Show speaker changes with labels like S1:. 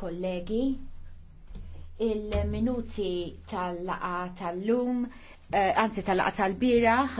S1: kollegi, il-minuti tal-laqa tal-lum, eh, anzi tal-laqa tal-biraħ,